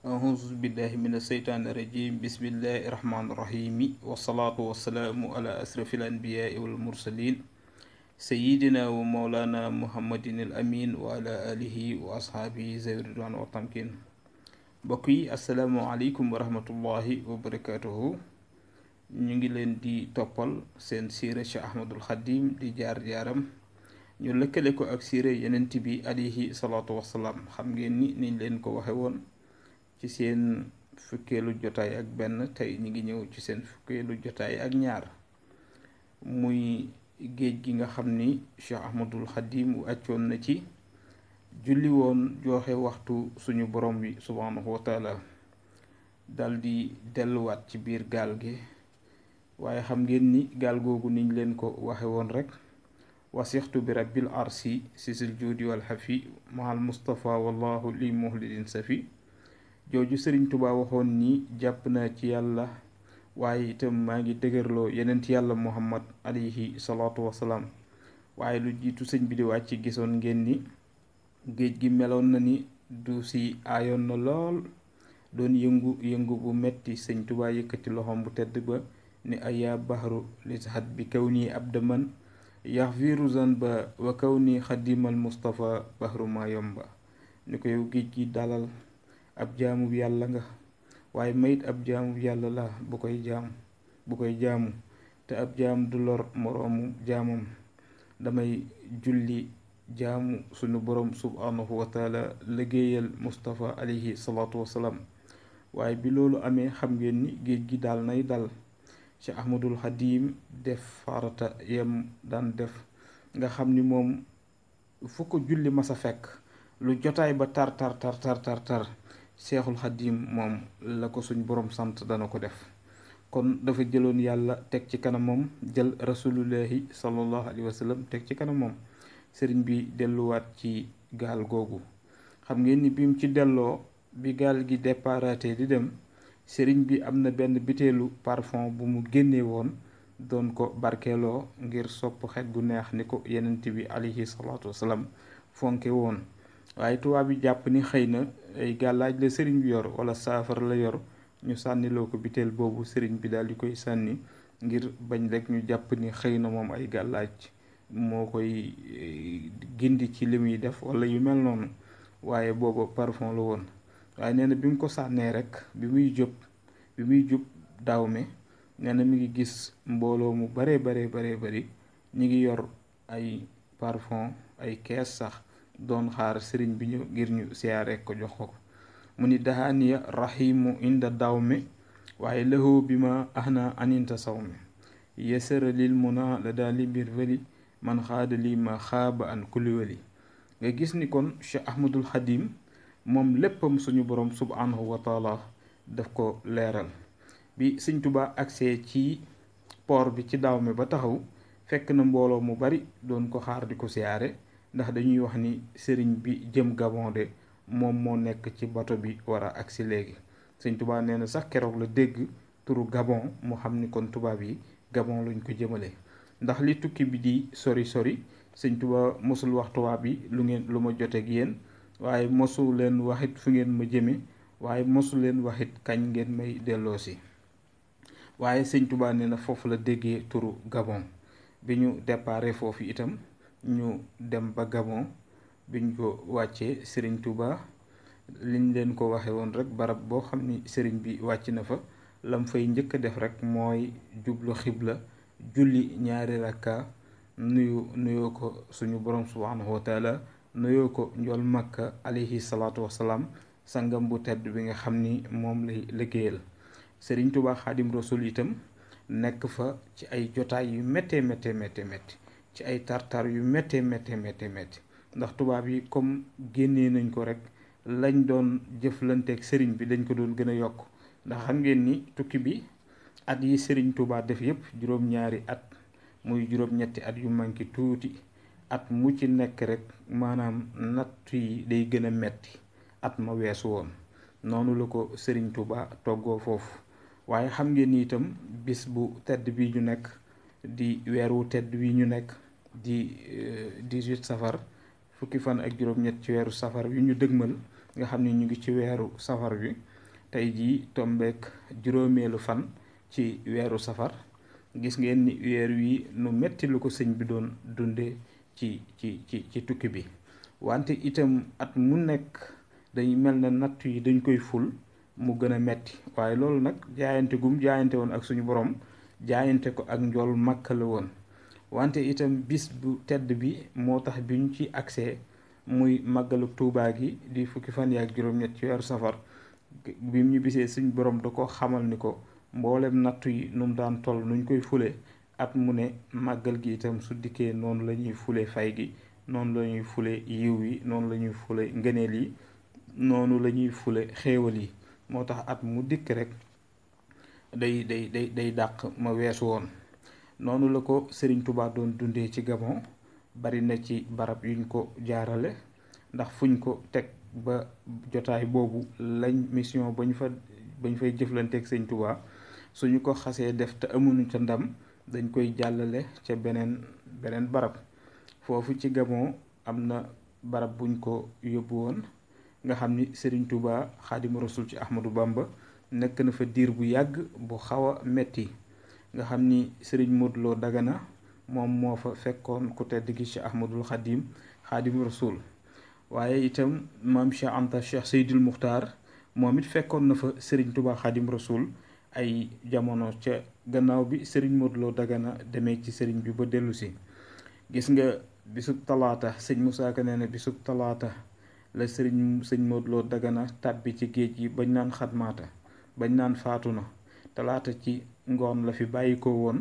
أعوذ بالله من الشيطان الرجيم بسم الله الرحمن الرحيم والصلاة والسلام على أشرف الأنبياء والمرسلين سيدنا ومولانا محمد الأمين وعلى آله وأصحابه ذوي الرضوان والتمكين بقي السلام عليكم ورحمة الله وبركاته نيغي لين دي توبال سين seen شيخ أحمد الخديم دي جار جارم ñu lëkkale ko ak siira yenent bi alayhi salatu wassalam xam ngeen ni niñ leen ko waxe woon ci seen fukkeelu jotaay ak benn tey ñi ngi ñëw ci seen fukkeelu jotaay ak ñaar muy géej gi nga xam ni Cheikh Ahmadul Xadim wu accoon na ci julli woon joxe waxtu suñu borom wi subhanahu wa taala daldi delluwaat ci biir gaal gi waaye xam ngeen ni gaal googu niñ leen ko waxe woon rekk wasixtu bi rabbil arsi sisil juudi wal xafi mahal mustafa wallahu li muhlidin safi jooju sëriñ tubaa waxoon ni jàpp naa ci yàlla waaye itam maa ngi dëgërloo yeneen ci yàlla muhammad alayhi salaatu wasalaam waaye lu jiitu sëñ bi di wàcc gisoon ngeen ni géej gi meloon na ni du si aayoon na lool doon yëngu yëngu bu metti sëñ Tuubaa yëkkati loxoom bu tedd ba ni ayaa baxaru lisaxat bi kaw nii ab daman yax viru zan ba wa kaw nii xadimal Mustafa baxaru yomba ni ko géej gi dalal ab jaamub yàlla nga waaye mayit ab jaamub yàlla la bu koy jaam bu koy jaamu te ab jaam du lor moroomu jaamam damay julli jaamu sunu boroom subhaanahu wa taala liggéeyal Mustafa alayhi salaatu wasalaam waaye bi loolu amee xam ngeen ni géej gi daal nay dal ci Ahmadul Xadim def farata yem daan def nga xam ni moom fu ko julli mas a fekk lu jotaay ba tar tar tar tar tar seexul xaddiim moom la ko suñ borom sant dana ko def kon dafa jëloon yàlla teg ci kanamam jël rasulullahi sallallahu alayhi wa sallam teg ci kanamam sëriñ bi delluwaat ci gaal googu xam ngeen ni bim ci delloo bi gaal gi déparate di dem sëriñ bi am na benn biteelu parfum bu mu génnee woon doon ko barkeeloo ngir sopp xet gu neex ni ko yenent bi alayhi salaatu wasalaam fonke woon waaye tubaab yi jàpp ni xëy na ay gàllaaj la sëriñ bi yor wala saafara la yor ñu sànniloo ko biteel boobu sëriñ bi daal di koy sànni ngir bañ rekk ñu jàpp ni xëy na moom ay gàllaaj moo koy eh, gindi ci li muy def walla yu mel noonu waaye booba parfum la woon waaye nee na bi mu ko sànnee rek bi muy jub bi muy jub daawme nee na mi ngi gis mbooloo mu bare bare bare bari ñu ngi yor ay parfum ay kees sax doon xaar sëriñ bi ñu ngir ñu siyaare ko jox ko ko mu ni dahaaniya rahimu inda daw mi waaye lahu bi ma ahna aninta saw mi yesara lil muna la daal li biir man xaada li ma xaaba an nga gis ni kon Cheikh Ahmadul Xadim moom léppam suñu borom subhanahu wa daf ko leeral bi sëñ Tuubaa agsee ci port bi ci daw mi ba taxaw fekk na mbooloo mu bari doon ko xaar di ko siyaare ndax dañuy wax ni sëriñ bi jëm Gabon de moom moo nekk ci bato bi war a agsi léegi sëñ Tuubaa nee na sax keroog la dégg turu Gabon mu xam ni kon tubaab yi Gabon lañ ko jëmale ndax li tukki bi di sori sori sëñ Tuubaa mosul wax tubaab yi lu ngeen lu ma joteeg yéen waaye mosu leen waxit fu ngeen ma jëme waaye mosu leen waxit kañ ngeen may delloo si waaye sëñ Tuubaa nee na foofu la déggee turu Gabon bi ñu déparé foofu itam ñu dem ba Gabon biñ ko wàccee Serigne Touba liñ leen ko waxe woon rek barab boo xam ni sëriñ bi wàcc na fa lam fay njëkk a def rek mooy jublu xibla julli ñaari rakka nuyu nuyoo ko suñu borom subhanahu wa taala nuyoo ko njool makka alayhi salaatu wasalaam sangam bu tedd bi nga xam ni moom lay la Serigne Touba Xaadim Rasul itam nekk fa ci ay jotaay yu méttee méttee méttee ci ay tartar yu méttee méttee méttee métti ndax tubaab yi comme génne nañ ko rek lañ doon jëflanteek sëriñ bi dañ ko doon gën a yokk ndax xam ngeen ni tukki bi at yi sëriñ tubaa def yëpp juróom-ñaari at muy juróom-ñetti at yu manqué tuuti at mu ci nekk rekk maanaam natt yi day gën a metti at ma weesu woon noonu la ko sëriñ Touba toggoo foofu waaye xam ngeen ni itam bis bu tedd bii ñu nekk di weeru tedd wi ñu nekk di 18 euh, safar fukki fan ak juróom-ñett ci weeru safar wi ñu dëgmal nga xam ne ñu ngi ci weeru safar wi tey jii tombeek juróomeelu fan ci weeru safar gis ngeen ni weer wi nu metti lu ko sëñ bi doon dunde ci ci ci ci tukki bi wante itam at mu nekk dañ mel na nattu yi dañ koy ful mu gën a metti waaye loolu nag jaayante gum jaayante woon ak suñu borom jaayante ko ak njool Makka la wante itam bis bu tedd bi moo tax bi ñu ci agsee muy màggalu Tuubaa gi di fukki fan yaak juróom-ñett weeru safar bi ñu bisee suñ borom da ko xamal ni ko mboolem nattu yi nu mu daan toll nuñ koy fule at mu ne màggal gi itam su dikkee noonu la ñuy fule fay gi noonu lañuy fule yiw yi noonu la ñuy fule ngëneel yi noonu lañuy fule xéewal yi moo tax at mu dikk rekk day day day day dàq ma wees woon noonu la ko sëriñ tuba doon dundee ci gabon bari na ci barab yuñ ko jaarale ndax fuñ ko teg ba jotaay boobu lañ mission bañ fa bañ fay jëflanteeg sëriñ tuba suñu ko xasee def te amunu ca ndam dañ koy jàllale ca beneen beneen barab foofu ci gabon am na barab buñ ko yóbbu woon nga xam ni sëriñ tuba xaadimu rasul ci ahmadou bamba nek na fa dir bu yag bu xawa metti nga xamni serigne modlo Dagana mom mo fa fekkon ku tedd gi Cheikh Ahmadul khadim khadim Rasul waye itam mam Cheikh Anta Cheikh Seydil mukhtar momit fekkon na fa sëriñ touba khadim Rasul ay jamono ci gannaaw bi serigne modlo Dagana deme ci sëriñ bi ba delusi gis nga bisub talata serigne Moussa kanena bisub talata la serigne serigne modlo Dagana tàbbi ci géej gi bañ nan khatmata bañ naan faatu na talaata ci ngoon la fi bàyyi ko woon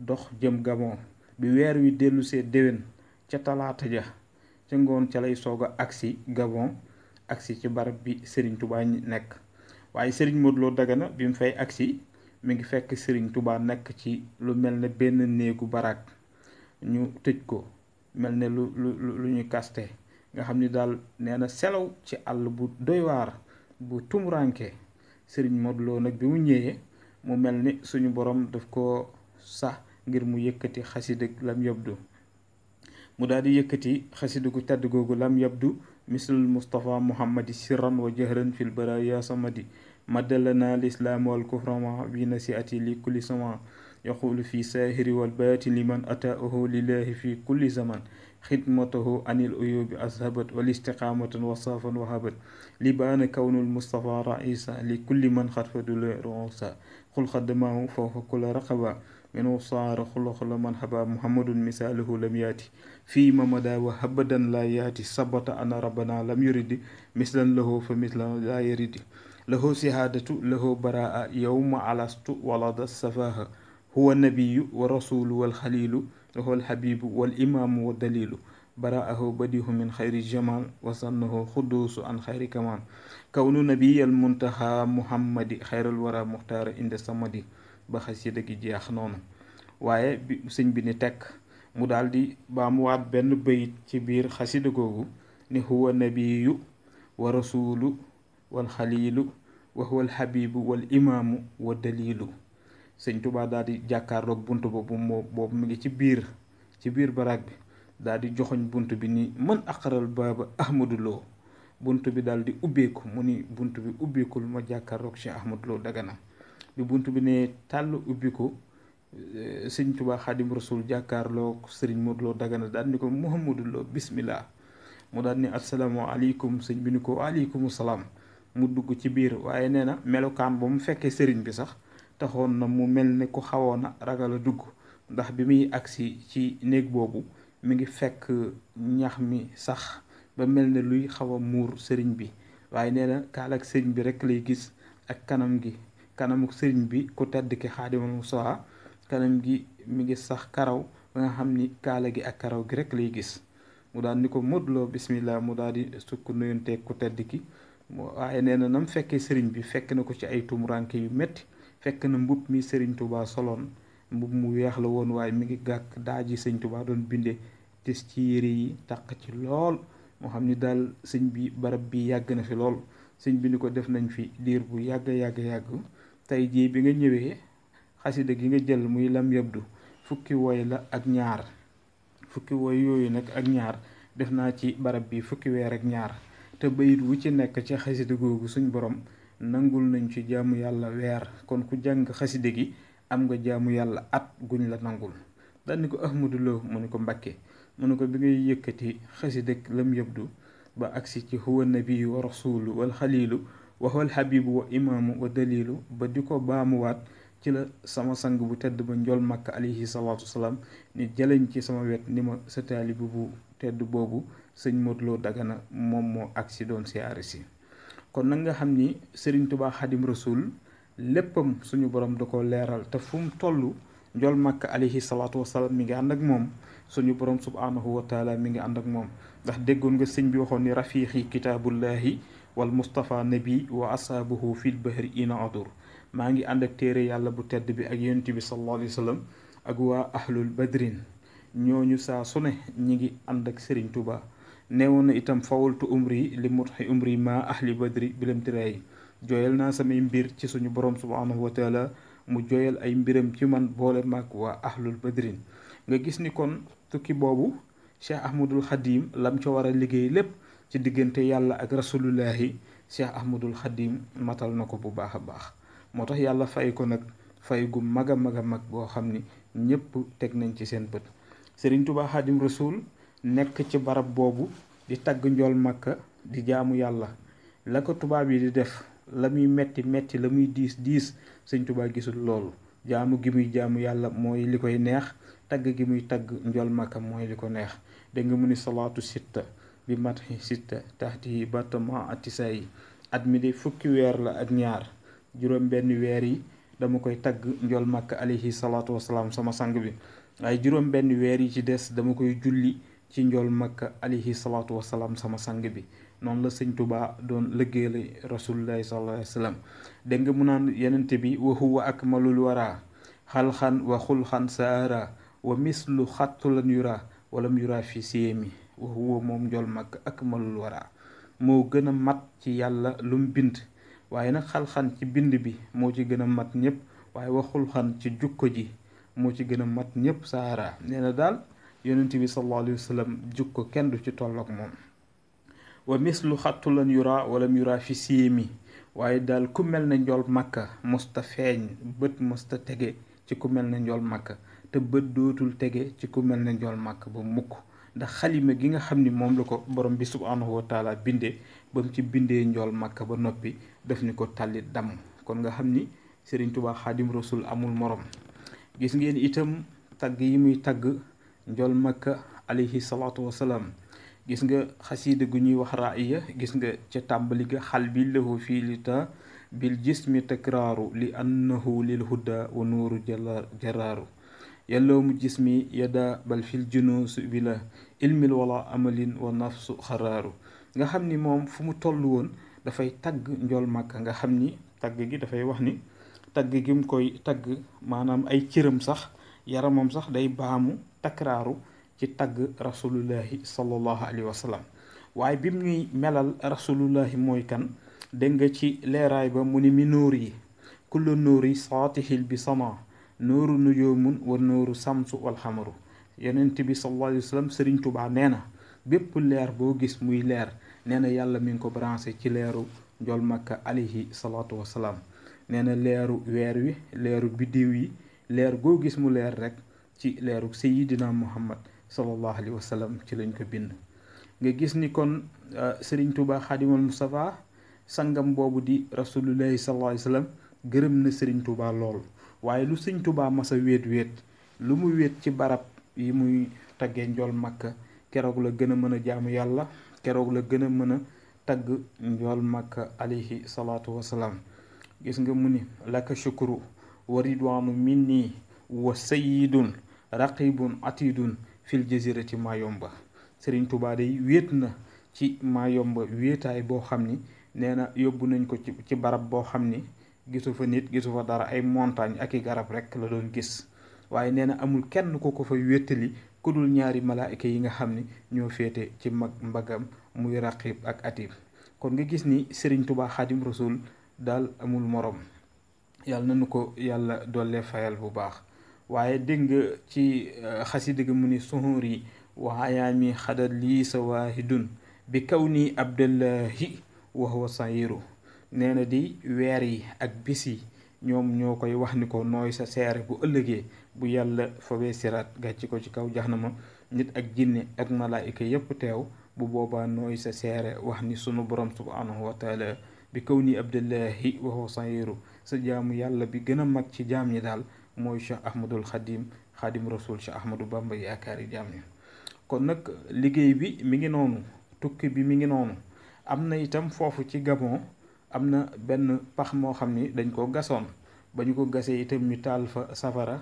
dox jëm Gabon bi weer wi dellusee déwén ca talaata ja ca ngoon ca lay soog a agsi Gabon agsi ci barab bi Serigne Touba nekk waaye Serigne Modou Lo Dagana bi mu fay agsi mi ngi fekk sëriñ Touba nekk ci lu mel ne benn néegu baraak ñu tëj ko mel ne lu lu lu ñu kaste nga xam ni daal nee na selaw ci àll bu doy waar bu tumuranke Serigne Modou Lo nag bi mu ñëwee mu mel ni suñu borom daf ko sax ngir mu yëkkati xasida lam yabdu mu daal di yëkkati xasida gu tedd googu lam yabdu mislul Mustafa Muhammadi sirran wa jahran fil baraya samadi maddalana lislaam wal kuframa bi nasiati li kulli sama yaqulu fi saahiri wal baati liman ataahu lillahi fi kulli zaman خدمته عن الأيوب أذهبت والاستقامة وصافا وهبت لبان كون المصطفى رئيسا لكل من خطفت رؤوسا قل خدمه فوق كل رقبة من صار خل من حبا محمد مثاله لم ياتي فيما مدى وهبدا لا ياتي ثبت أن ربنا لم يرد مثلا له فمثلا لا يرد له سهادة له براءة يوم على ولد السفاه هو النبي والرسول والخليل هو الحبيب والإمام والدليل برأه بديه من خير الجمال وصنه خدوس عن خير كمال كون نبي المنتهى محمد خير الورى مختار عند الصمد ba xasida gi jeex noonu waaye bi bi ni tekk mu daal di baamuwaat benn bayit ci biir xasida googu ni huwa nabiyu wa rasulu wal xaliilu wa huwa wal imaamu wa daliilu sëñ Touba daal di jàkkaarloog bunt boobu moo cibir cibir ngi ci biir ci biir barak bi daal di joxoñ bi ni man aqaral baaba Ahmadou Lo buntu bi daal di ubi mu ni bunt bi ubbeekul ma Cheikh Ahmadou Lo Dagana bi buntu bi ne tàll ubbiku eh, sëñ Touba hadi Rasul jakar lo Modou Dagana daal ni ko Mouhamadou Lo bismillah mo daal ni asalaamaaleykum sëñ bi ni ko waaleykum assalam mu dugg ci bir waye nee na bamu fekke mu bi sax taxoon na mu mel ni ku xawoon a ragal a dugg ndax bi muy agsi ci néeg boobu mi ngi fekk ñax mi sax ba mel ni luy xaw a muur sëriñ bi waaye nee na kaalak sëriñ bi rek lay gis ak kanam gi kanamu sëriñ bi ku tedd ki xaadimal musaa kanam gi mi ngi sax karaw ba nga xam ni kaala gi ak karaw gi rek lay gis mu daal ni ko modloo bismillah mu daal di sukk nuyonteeg ku tedd ki waaye nee na nam fekkee sëriñ bi fekk na ko ci ay tumuraanke yu metti fekk na mbub mi serigne touba soloon mbub mu weex la woon waaye mi ngi gàkk daaji serigne touba doon bindé tes ci yéré yi tak ci lool mo xamni dal serigne bi barab bi yag na fi lool serigne bi ni ko def nañ fi dir bu yag yag yag tay jii bi nga ñëwé xasida gi nga jël muy lam yabdu fukki woy la ak ñaar fukki woy yoyu nak ak ñaar def na ci barab bi fukki weer ak ñaar te bayit wu ci nek ci xasida gogu suñ borom nangul nañ ci jaamu yàlla weer kon ku jàng xaside gi am nga jaamu yàlla at guñ la nangul dandi ko ahmadu loo mu ne ko mbakke mu ne ko bi ngay yëkkati xaside lam yëbdu ba agsi ci huwa nabiyu wa rasulu wa xaliilu waxwal xabibu wa imaamu wa dalilu ba di ko baamuwaat ci la sama sang bu tedd ba njol màkk alayhi salaatu wasalaam ni jëlañ ci sama wet ni ma sa taalibu bu tedd boobu sëñ Modou Lo Dagana moom moo agsi doon siyaare si kon nag nga xam ni Serigne Touba Xadim Rasul léppam suñu borom da ko leeral te fum mu toll njool màkk alayhi salaatu wasalaam mi ngi ànd ak moom suñu borom subhaanahu wa mi ngi ànd ak moom ndax déggoon nga sëñ bi waxoon ni rafiixi kitaabullahi wal mustapha nabi wa asaabuhu fil bahri ina adur maa ngi ànd ak téere yàlla bu tedd bi ak yonti bi sallallahu alayhi ak waa ahlul badrin ñooñu saa su ne ñi ngi ànd ak Serigne Touba neewoon na itam fawultu umri li mutxi umri ma ahli badri bilamtiraayi jooyal naa samay mbir ci suñu borom subhanahu wa taala mu jooyal ay mbiram ci man boole mag ahlul badrin nga gis ni kon tukki boobu cheikh ahmadul xadim lam ca war a liggéey lépp ci diggante yàlla ak rasulullahi cheikh ahmadul xadim matal na ko bu baax a baax moo tax yàlla fay ko nag fay gu mag a mag a mag boo xam ni ñépp teg nañ ci seen bët sëriñ tubaa xaadim rasul nekk ci barab boobu di tagg njool màkka di jaamu yàlla la ko tubaab yi di def la muy metti metti la muy diis diis sëñ tubaa gisul loolu jaamu gi muy jaamu yàlla mooy li koy neex tagg gi muy tagg njool makka mooy li ko neex dégg nga mu ni salaatu sitta bi matxi sitta taxti yi batama atisa say at mi de fukki weer la ak ñaar juróom benn weer yi dama koy tagg njool màkka alayhi salaatu wasalaam sama sang bi waaye juróom benn weer yi ci des dama koy ci njool makka alayhi salaatu wasalaam sama sang bi noonu la sëñ tubaa doon lëggéeyal rasulillahi sallallahu alayhi wasallam dégg nga mu naan yenente bi wa huwa akmalul wara xalxan wa xulxan saara wa mislu xattulan yura walam yura fi siyemi wa huwa moom njool ak akmalul wara moo gën a mat ci yàlla lum bind waaye nag xalxan ci bind bi moo ci gën a mat ñëpp waaye waxul xan ci jukko ji moo ci gën a mat ñëpp saara nee na daal yonent bi sallallahu alayhi wa ko kenn du ci tollook moom lu mislu xattulan yura walam yura fi siimi waaye daal ku mel ne njool màkka mosta feeñ bët mosta tege ci ku mel ne njool màkka te bët dootul tege ci ku mel ne njool màkk ba mukk ndax xalima gi nga xam ni moom la ko borom bi subhaanahu wa taala bindee ba ci bindee njool màkk ba noppi daf ni ko tàlli damm kon nga xam ni Sëriñ Tuubaa Xaadim Rasul amul morom gis ngeen itam tagg yi muy tagg njool makka alayhi salaatu wasalaam gis nga xasiida gu ñuy wax raaya gis nga ca tàmbali ga xal bi lahu fii lita bil jismi takraaru li annahu lil huda wa nuuru jaraaru yalloomu jismi yada bal fil junuusu bi la ilmil wala amalin wa nafsu xaraaru nga xam ni moom fu mu toll woon dafay tagg njool màkka nga xam ni tagg gi dafay wax ni tagg gi mu koy tagg maanaam ay cëram sax yaramam sax day baamu takraaru ci tagg rasulullahi sallallahu alayhi wa waaye bi muy melal rasulullahi mooy kan dégg nga ci leeraay ba mu ni mi nóor yi kula nóor yi saatihil bi sama nóoru nujoomun wa nóoru samsu wal xamaru yonent bi sallallahu alayhi wa sallam sëriñ tubaa nee na bépp leer boo gis muy leer nee na yàlla mi ngi ko branché ci leeru njol makka alayhi salaatu wasalaam nee leeru weer wi leeru biddiw yi leer goo gis mu leer rek ci leerug sayidina muhammad sallallahu alayhi wa sallam ci lañ ko bind nga gis ni kon euh, sëriñ Touba xaadimal Moustapha sangam boobu di rasulullahi sallallahu alayhi gërëm na sëriñ Touba lool waaye lu sëriñ Touba masa wéet wéet lu mu wéet ci barab yi muy taggee njool makka keroog la gën a mën a jaamu yàlla keroog la gën a mën a tagg njool makka alayhi salaatu wasalaam gis nga mu ni laka shukru wa ridwaanu minni wa sayidun raqibun atidun fil jazirati Mayomba Serigne Touba day wéet na ci Mayomba wéetaay boo xam ni nee na yóbbu nañ ko ci ci barab boo xam ni gisu fa nit gisu fa dara ay montagne ak i garab rek la doon gis waaye nee na amul kenn ku ko fa wéttali ku dul ñaari malaayika yi nga xam ni ñoo féete ci mag mbagam muy raqib ak atib kon nga gis ni Serigne Touba Xaadim Rasul daal amul moroom yàlla nañu ko yàlla doole fayal bu baax. waaye dégg nga ci euh, xasida gi mu ni suhuur yi waxayaami xadal lii sa waahidun bi kaw nii abdallahi wa huwa sayiru nee na di weer yi ak bis yi ñoom ñoo koy wax ni ko nooy sa seere bu ëllëgee bu yàlla fawee siraat gàcc ko ci kaw jax na ma nit ak jinne ak malaayika yépp teew bu boobaa nooy sa seere wax ni sunu borom subhaanahu wa bi kaw nii abdallahi wa huwa sayiru sa jaamu yàlla bi gën a mag ci jaam yi daal mooy Cheikh Ahmadul Xadim Xadim Rasul Cheikh Ahmadou Bamba yaakaari jaam kon nag liggéey bi mi ngi noonu tukki bi mi ngi noonu am na itam foofu ci Gabon am na benn pax moo xam ni dañ koo gasoon ba ñu ko gasee itam ñu taal fa safara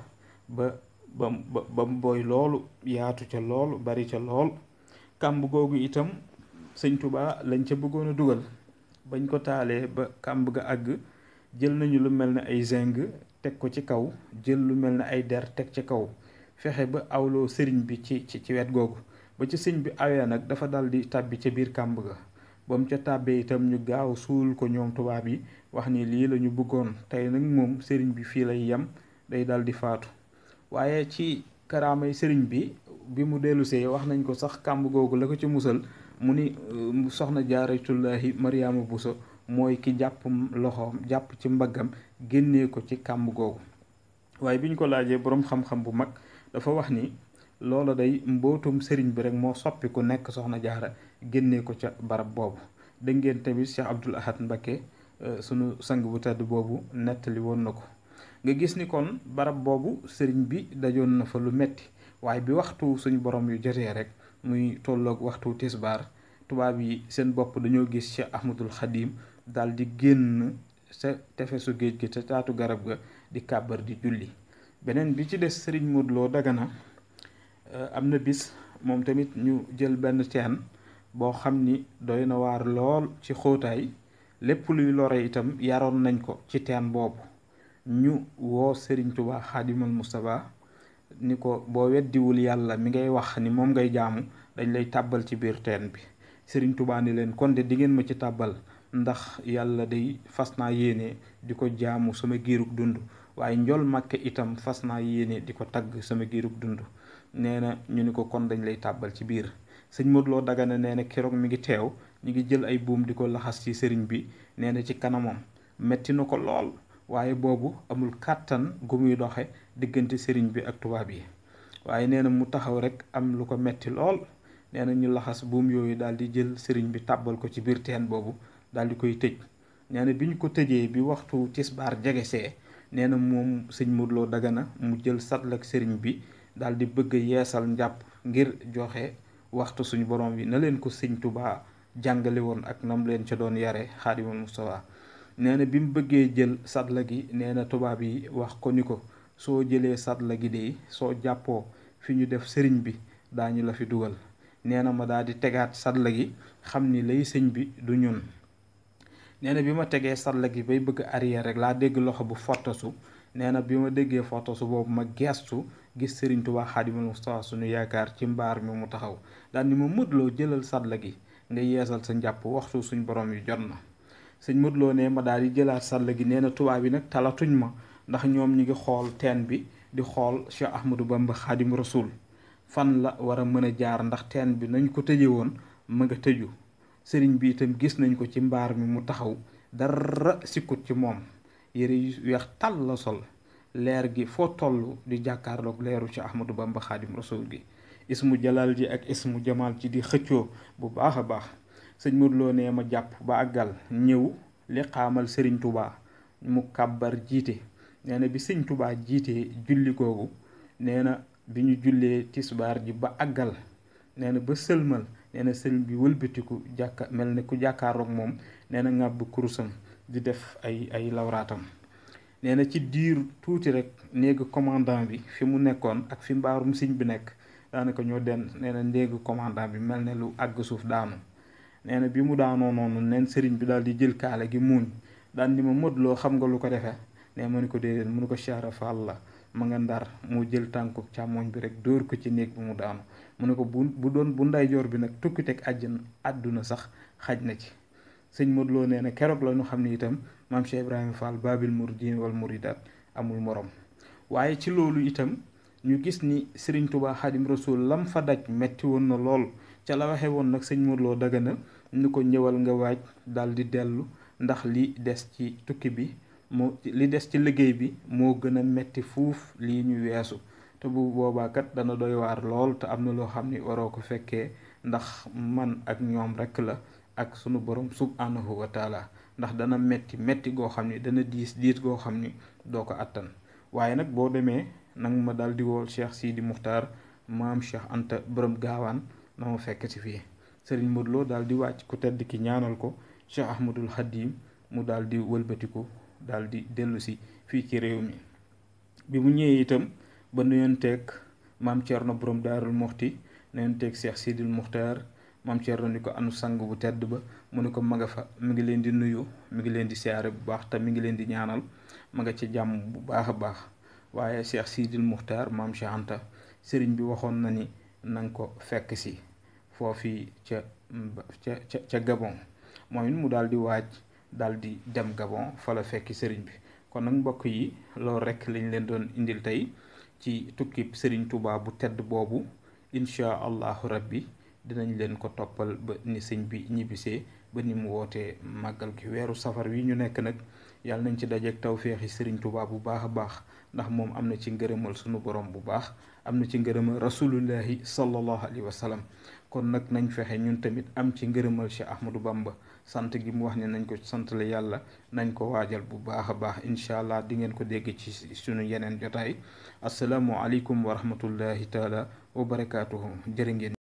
ba ba ba mu booy loolu yaatu ca lool bari ca lool kàmb googu itam sëñ Tuubaa lañ ca bëggoon a dugal bañ ko taalee ba kàmb ga àgg jël nañu lu mel ne ay zinc teg ko ci kaw jël lu mel ne ay der teg ci kaw fexe ba awloo sëriñ bi ci ci wet googu ba ci sëñ bi awee nag dafa dal di tàbbi ca biir kàmb ga ba mu ca tàbbee itam ñu gaaw suul ko ñoom tubaab yi wax ni lii la ñu bëggoon tey nag moom sëriñ bi fii lay yem day dal di faatu waaye ci karaamay sëriñ bi bi mu dellusee wax nañ ko sax kàmb googu la ko ci musal mu ni soxna jaaratullaahi Mariyaama Buso mooy ki jàpp loxoom jàpp ci mbaggam génnee ko ci kàmb googu waaye bi ñu ko laajee boroom xam-xam bu mag dafa wax ni loola day mbootum sëriñ bi rek moo soppi ku nekk soxna jaara génnee ko ca barab boobu dégg ngeen tamit Cheikh Abdoul Ahad Mbacké euh, sunu sang bu tedd boobu nettali woon na ko nga gis ni kon barab boobu sëriñ bi dajoon na fa lu metti waaye bi waxtu suñu borom yu jotee rek muy tolloog waxtu tisbaar tubaab yi seen bopp dañoo gis Cheikh Ahmadul Xadim daldi génn sa tefesu géej gi ca taatu garab ga di kàbbar di julli beneen bi ci des sëriñ loo Lo na euh, am na bis moom tamit ñu jël benn teen boo xam ni doy na waar lool ci xóotaay lépp luy lore itam yaroon nañ ko ci teen boobu ñu woo sëriñ Tuubaa Xaadimal Mustafaa ni ko boo weddiwul yàlla mi ngay wax ni moom ngay jaamu dañ lay tàbbal ci biir teen bi sëriñ Tuubaa ni leen kon de di ngeen ma ci tàbbal ndax yàlla day fas naa yéene di ko jaamu sama giirug dund waaye njol màkke itam fas naa yéene di ko tagg sama giirug dund nee na ñu ni ko kon dañ lay tàbbal ci biir sëñ Modou Lo Dagana nee na keroog mi ngi teew ñu ngi jël ay buum di ko laxas ci sëriñ bi nee na ci kanamam metti na ko lool waaye boobu amul kàttan gu muy doxe diggante sëriñ bi ak tubaab yi waaye nee na mu taxaw rek am lu ko metti lool nee na ñu laxas buum yooyu daal di jël sëriñ bi tàbbal ko ci biir teen boobu daal di koy tëj nee na bi ñu ko tëjee bi waxtu tisbaar jegesee nee na moom sëñ Modou Lo Dagana mu jël satlak sëriñ bi daal di bëgg yeesal njàpp ngir joxe waxtu suñu borom bi na leen ko sëñ Touba jàngale woon ak nam leen ca doon yare xaadimul Mustafa nee na bi mu bëggee jël satla gi nee na tubaab yi wax ko ni ko soo jëlee satla gi de soo jàppoo fi ñu def sëriñ bi daañu la fi dugal nee na ma daal tegaat satla gi xam ni lay sëñ bi du ñun nee na bi ma tegee sarla gi bay bëgg arrière rek laa dégg loxo bu fottasu nee na bi ma déggee fottasu boobu ma geestu gis Serigne Touba Xaadimul Mustafa suñu yaakaar ci mbaar mi mu taxaw daal ni ma mëdloo jëlal sarla gi nga yeesal sa njàpp waxtu suñu borom yi jot na sëñ mëdloo ne ma daal di jëlaat sarla gi nee na tubaab yi nag talatuñ ma ndax ñoom ñi ngi xool teen bi di xool Cheikh Ahmadou Bamba Xaadim Rasul fan la war a mën a jaar ndax teen bi nañ ko tëjee woon ma nga tëju sëriñ bi itam gis nañ ko ci mbaar mi mu taxaw dara sikkut ci moom yére yu weex tàll la sol leer gi foo toll di jàkkaarloog leeru ci Ahmadou Bamba Xaadim Rasuul gi ismu jalaal ji ak ismu jamaal ci di xëccoo bu baax a baax sëñ Modou ma jàpp ba ñëw li sëriñ tubaa mu kàbbar jiite neena bi sëñ tubaa jiitee julli googu nee na bi ñu jullee tisbaar ji ba àggal neena ba sëlmal nee sëriñ bi wëlbatiku jàkka mel ni ku jàkkaaroog moom nee na ŋàbb kurusam di def ay ay lawraatam nee na ci diir tuuti rek néegu commandant bi fi mu nekkoon ak fi mbaarum siñ bi nekk daanaka ñoo den nee na néegu commandant bi mel ne lu àgg suuf daanu nee na bi mu daanoo noonu neen sëriñ bi daal di jël kaale gi muuñ daan ni ma mot loo xam nga lu ko defee nee ma ne ko déedéet mu ne ko Cheikh Fall la ma nga ndar mu jël tànku càmmoñ bi rek dóor ko ci néeg bi mu daanu mu ne ko bu bu doon bu ndeyjoor bi nag tukki teg àjjana àdduna sax xaj na ci sëñ Modou Lo nee na keroog la ñu xam ne itam maam Cheikh Ibrahima Fall babil muridin wal muridaat amul moroom waaye ci loolu itam ñu gis ni Serigne Touba Xadim Rasul lam fa daj metti woon na lool ca la waxee woon nag sëñ Modou Lo Dagana ñu ko ñëwal nga waaj dal di dellu ndax li des ci tukki bi moo li des ci liggéey bi moo gën a metti fuuf lii ñu weesu te bu boba kat dana doy war lol te amna lo xamni waro ko fekke ndax man ak ñom rek la ak sunu borom subhanahu wa taala ndax dana metti metti go xamni dana diis dit go xamni doko atan attan bo deme boo ma dal di wool cheikh sidi muhtar maam cheikh anta borom gawan na ma fekk ci fi serigne modlo dal di wàcc ku tedd ki ñaanal ko cheikh ahmadul hadim mu dal di wëlbatiku dal di delusi fi ci bi mu ñëwee itam ba nuyonteeg maam Thierno borom daarul Muxti nuyonteeg Cheikh Sidil Muxtaar maam Thierno ni ko anu sang bu tedd ba mu ne ko ma nga fa mu ngi leen di nuyu mi ngi leen di siyaare bu baax te mi ngi leen di ñaanal ma nga ci jàmm bu baax a baax waaye Cheikh Sidil Muxtaar maam Cheikh Anta sëriñ bi waxoon na ni na ko fekk si foofi ca ca ca Gabon moom it mu daal di waaj daal di dem Gabon fa la fekki sëriñ bi kon nag mbokk yi loolu rek lañ leen doon indil tey ci tukki Serigne Touba bu tedd boobu incha allahu rabbi dinañ leen ko toppal ba ni sëñ bi ñibbisee ba ni mu wootee màggal gi weeru safar wi ñu nekk nag yàlla nañ ci dajeeg tawféexi Serigne tubaab bu baax a baax ndax moom am na ci ngërëmal sunu borom bu baax am na ci ngërëmal rasulullahi sallallahu alayhi wa sallam kon nag nañ fexe ñun tamit am ci ngërëmal Cheikh Ahmadou Bamba sant gi mu wax ne nañ ko sant la yàlla nañ ko waajal bu baax a baax incha allah di ngeen ko dégg ci sunu yeneen jotaay asalaamualeykum wa rahmatullahi taala wa barakaatuhu jërë ngeen